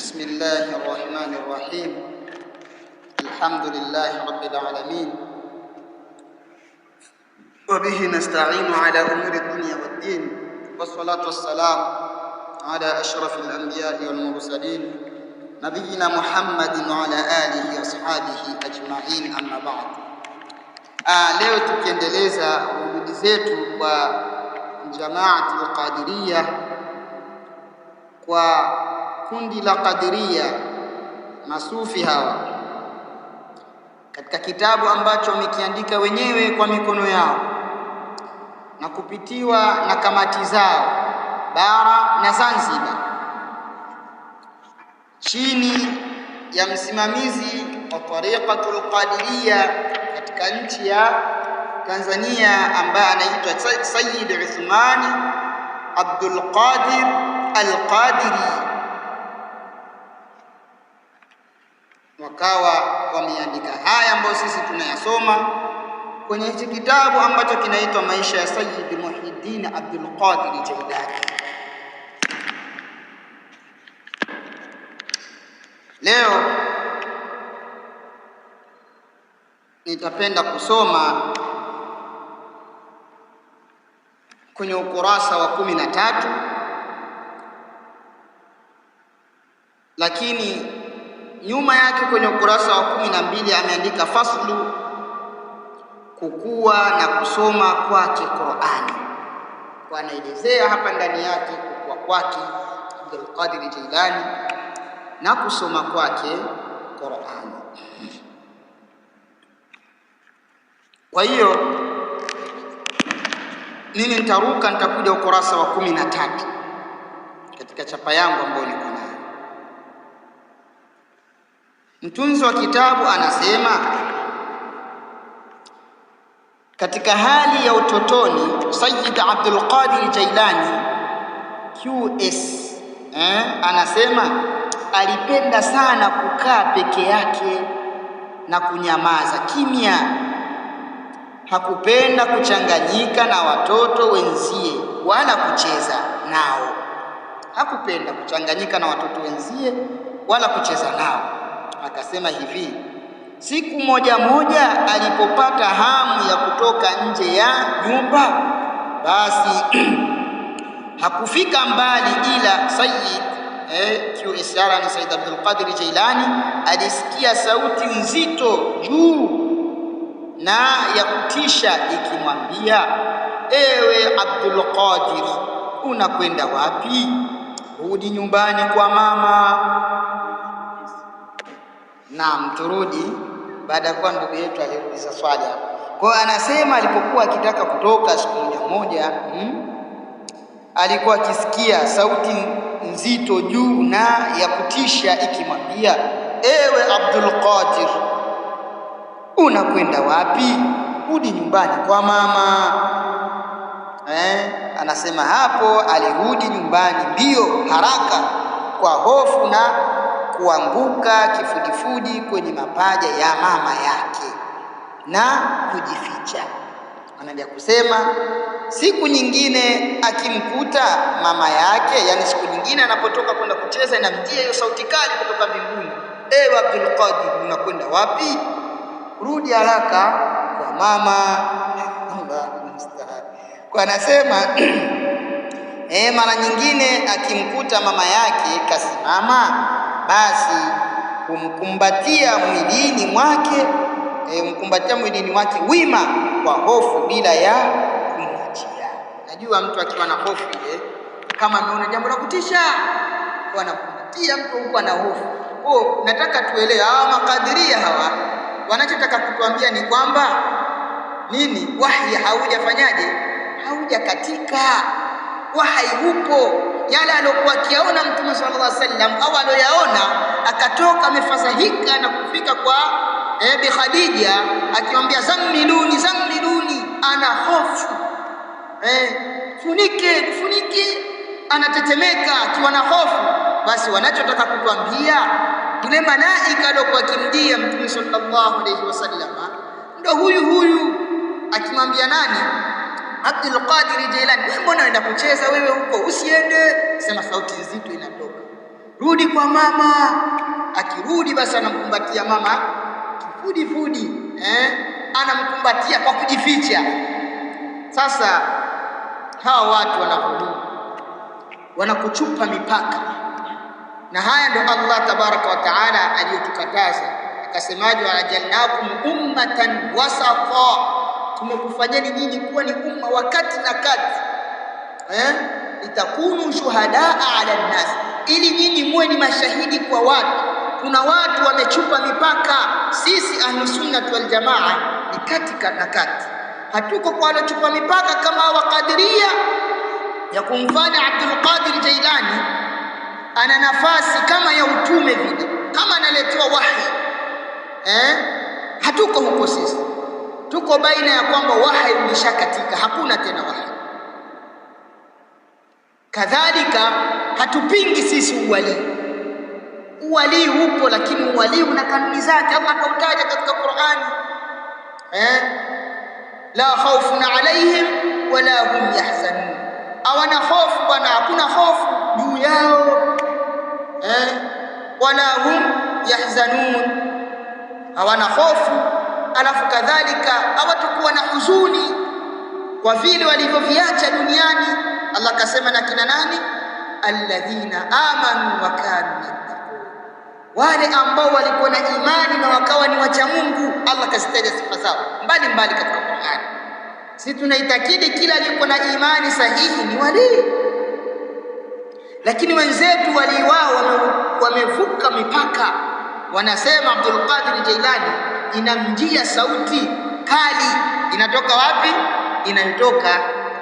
بسم الله الرحمن الرحيم الحمد لله رب العالمين وبه نستعين على أمور الدنيا والدين والصلاة والسلام على أشرف الأنبياء والمرسلين نبينا محمد وعلى آله وأصحابه أجمعين أما بعد leo آه، tukiendeleza juhudi zetu kwa Jamaati Alqadiria kwa kundi la Qadiria, masufi hawa, katika kitabu ambacho wamekiandika wenyewe kwa mikono yao na kupitiwa na kamati zao bara na Zanzibar chini ya msimamizi wa Tariqatul Qadiria katika nchi ya Tanzania ambaye anaitwa Sayyid Uthmani Abdul Qadir Al-Qadiri. wakawa wameandika haya ambayo sisi tunayasoma kwenye hichi kitabu ambacho kinaitwa Maisha ya Sayyid Muhiddin Abdul Qadir Jailani. Leo nitapenda kusoma kwenye ukurasa wa kumi na tatu lakini nyuma yake kwenye ukurasa wa kumi na mbili ameandika faslu, kukua na kusoma kwake Qur'ani, kwa anaelezea hapa ndani yake kukua kwake Abdul Qadir Jilani na kusoma kwake Qur'ani. Kwa hiyo mimi nitaruka, nitakuja ukurasa wa kumi na tatu katika chapa yangu ambayo Mtunzi wa kitabu anasema katika hali ya utotoni, Sayyid Abdul Qadir Jailani QS eh, anasema alipenda sana kukaa peke yake na kunyamaza kimya. Hakupenda kuchanganyika na watoto wenzie wala kucheza nao. Hakupenda kuchanganyika na watoto wenzie wala kucheza nao akasema hivi, siku moja moja alipopata hamu ya kutoka nje ya nyumba, basi hakufika mbali ila Sayyid eh, kiuisara ni Sayyid Abdul Qadir Jilani alisikia sauti nzito juu na ya kutisha ikimwambia, ewe Abdul Qadir, unakwenda wapi? Rudi nyumbani kwa mama. Naam, turudi baada ya kuwa ndugu yetu aliuliza swali hapo. Kwa hiyo anasema alipokuwa akitaka kutoka siku moja moja, hmm, alikuwa akisikia sauti nzito juu na ya kutisha ikimwambia, ewe Abdul Qadir, unakwenda wapi? Rudi nyumbani kwa mama. Eh, anasema hapo alirudi nyumbani mbio haraka kwa hofu na kuanguka kifudifudi kwenye mapaja ya mama yake na kujificha. Anaendelea kusema, siku nyingine akimkuta mama yake, yani siku nyingine anapotoka kwenda kucheza, inamjia hiyo sauti kali kutoka mbinguni, ewe Abdul Qadir, unakwenda wapi? Rudi haraka kwa mama. Kwa anasema E, mara nyingine akimkuta mama yake kasimama basi humkumbatia mwilini mwake e, mkumbatia mwilini mwake wima kwa hofu bila ya kumwachia. Najua mtu akiwa na hofu ile, kama ameona jambo la kutisha, anakumbatia mtu huko ana hofu. Oh, nataka tuelewe hawa makadiria hawa wanachotaka kutuambia ni kwamba nini? Wahi haujafanyaje? Haujakatika wahai hupo, yale aliyokuwa akiyaona Mtume sallallahu alaihi wasallam au aliyoyaona akatoka amefadhahika na kufika kwa eh, Bi Khadija akimwambia zamiluni, zamiluni, ana hofu eh, funike, funike, anatetemeka akiwa na hofu. Basi wanachotaka kutuambia yule malaika aliyokuwa akimjia Mtume sallallahu alaihi wasallam ndo huyu huyu akimwambia nani Abdul Qadir Jilani, wewe mbona unaenda kucheza wewe huko, usiende. Sema sauti nzito inatoka, rudi kwa mama. Akirudi basi anamkumbatia mama kifudifudi, eh? Anamkumbatia kwa kujificha. Sasa hawa watu wanakuduu, wanakuchupa mipaka, na haya ndo Allah tabaraka wa taala aliyotukataza, akasemaje? Wajalnakum ummatan wasata tumekufanyeni nyinyi kuwa ni umma wa kati na kati eh, itakunu shuhadaa ala nnas, ili nyinyi muwe ni mashahidi kwa watu. Kuna watu wamechupa mipaka. Sisi ahlusunnat waljamaa ni kati na kati, hatuko kwa waliochupa mipaka kama Wakadiria ya kumfanya Qadir Jailani ana nafasi kama ya utume vile, kama analetewa wahi eh, hatuko huko sisi tuko baina ya kwamba wahyi umeshakatika, hakuna tena wahyi. Kadhalika hatupingi sisi uwalii. Uwalii upo, lakini uwalii una kanuni zake. Allah akautaja katika Qur'ani, eh, la khawfun alaihim wala hum yahzanun, hawana hofu bwana, hakuna hofu juu yao eh, wala hum yahzanun, hawana hofu Alafu kadhalika hawatakuwa na huzuni kwa vile walivyoviacha duniani. Allah akasema na kina nani? Alladhina amanu wa kanu yattaqun, wale ambao walikuwa na imani na wakawa ni wacha Mungu. Allah akazitaja sifa zao mbali mbali katika Qur'ani. sisi tunaitakidi kila aliyekuwa na imani sahihi ni walii, lakini wenzetu walii wao wamevuka mipaka. Wanasema Abdul Qadir Jailani inamjia sauti kali. Inatoka wapi? Inayotoka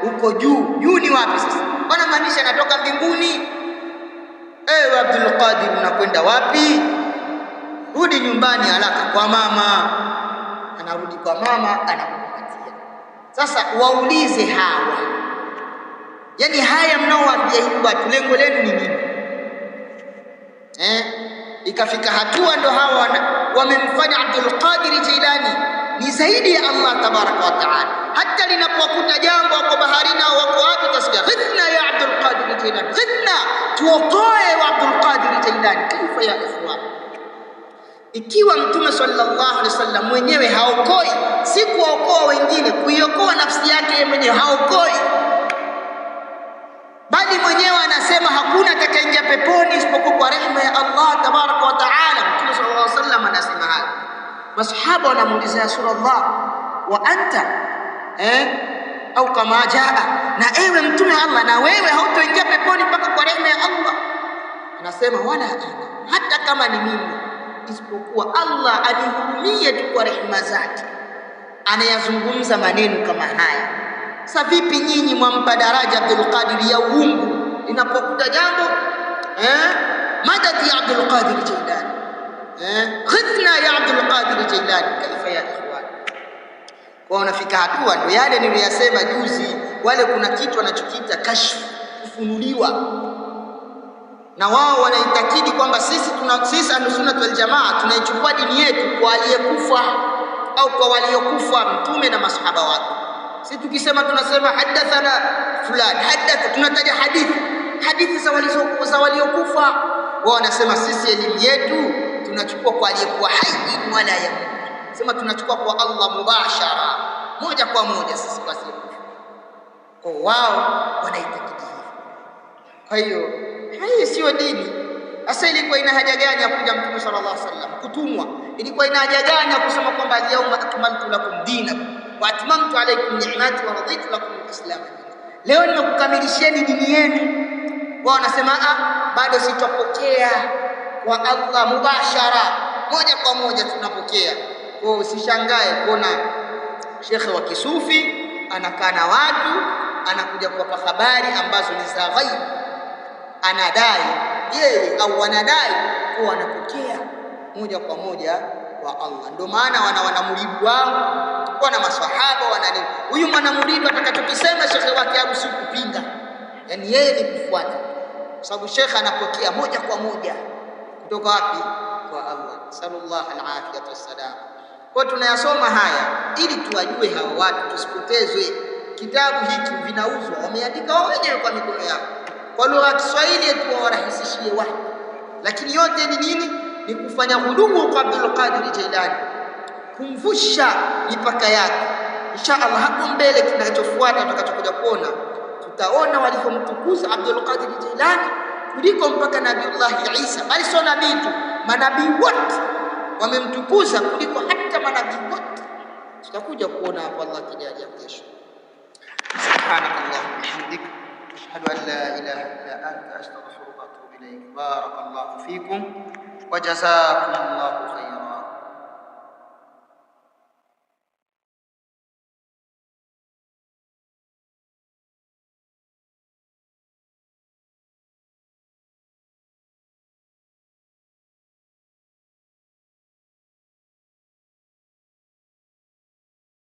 huko juu. Juu ni wapi sasa? Bwana maanisha inatoka mbinguni. Ewe Abdul Qadir, unakwenda wapi? Rudi nyumbani haraka kwa mama. Anarudi kwa mama, anakupatia. Sasa waulize hawa, yaani haya mnaowaambia hivi watu, lengo lenu ni nini? Eh, ikafika hatua ndo hawa wana wamemfanya Abdul Qadir Jilani ni zaidi ya Allah tabaraka wa taala. Hata linapokuta jambo, wako baharini au wako wapi, tasbih ghithna ya Abdul Qadir Jilani, ghithna, tuokoe wa Abdul Qadir Jilani. Kaifa ya ikhwan, ikiwa Mtume sallallahu alaihi wasallam mwenyewe haokoi, si kuwaokoa wengine, kuiokoa nafsi yake mwenyewe haokoi bali mwenyewe anasema hakuna atakayeingia peponi isipokuwa kwa rehema ya Allah tabaraka wa taala. Masahaba wanamuuliza Rasulullah, wa anta eh, au kama jaa, na ewe mtume wa Allah, na wewe hautoingia peponi mpaka kwa rehema ya Allah. Anasema wala ana, hata kama ni mimi, isipokuwa Allah anihurumie tu kwa rehema zake. Anayazungumza maneno kama haya. Sa vipi nyinyi mwampa daraja Abdul Qadir ya uungu, inapokuta jambo eh, madadi ya Abdul Qadir Jilani eh, ya Abdul Qadir Jilani. kaifa ya ikhwan. Kwa unafika hatua ndio yale niliyasema juzi, wale kuna kitu wanachokiita kashfu, kufunuliwa, na wao wanaitakidi kwamba sisi tuna sisi ahlusunnat wal jamaa tunaichukua dini yetu kwa aliyekufa au kwa waliokufa mtume na masahaba wake. Si tukisema tunasema hadathana fulani hadatha, tunataja hadithi hadithi za waliokufa. Wao wanasema sisi elimu yetu tunachukua kwa aliyekuwa hai wala ya sema tunachukua kwa Allah mubashara, moja kwa moja, sisi kwa sisi Kwa wao wanaitakidi hivyo. Kwa hiyo hii siyo dini. Sasa ilikuwa ina haja gani ya kuja Mtume sallallahu alaihi wasallam kutumwa? Ilikuwa ina haja gani ya kusema kwamba al-yawma akmaltu lakum dinakum wa atmamtu alaykum ni'mati wa raditu lakum al-islam leo nimekukamilishieni dini yenu. Wao wanasema ah, bado sitapokea wa Allah mubashara, moja kwa moja tunapokea. Kwa usishangae kuona shekhe wa kisufi anakaa na watu, anakuja kuwapa habari ambazo ni za ghaibu, anadai yeye au wanadai kuwa anapokea moja kwa moja kwa Allah. Ndio maana wana wanamuridu wao wana maswahaba wana nini, huyu mwanamuridu atakachokisema shekhe wake au yani kupinga, yaani yeye ni kufuata, kwa sababu shekhe anapokea moja kwa moja kutoka wapi? Kwa Allah. sallallahu alaihi wasallam. Kwa tunayasoma haya ili tuwajue hawa watu, tusipotezwe. Kitabu hiki vinauzwa, wameandika wao wenyewe kwa mikono yao kwa lugha ya Kiswahili tu, warahisishie watu, lakini yote ni nini? Ni kufanya hudumu kwa Abdul Qadir Jilani, kumvusha mipaka yake. Insha Allah hapo mbele, kinachofuata tutakachokuja kuona, tutaona walivyomtukuza Abdul Qadir Jilani kuliko mpaka Nabiullahi Isa, bali sio nabii tu, manabii wote wamemtukuza kuliko hata manabii wote. Tutakuja kuona hapo Allah ya kesho. Subhanaka allahumma bihamdika ashhadu an la ilaha illa anta astaghfiruka wa atubu ilayk. Barakallahu fikum wa jazakumullah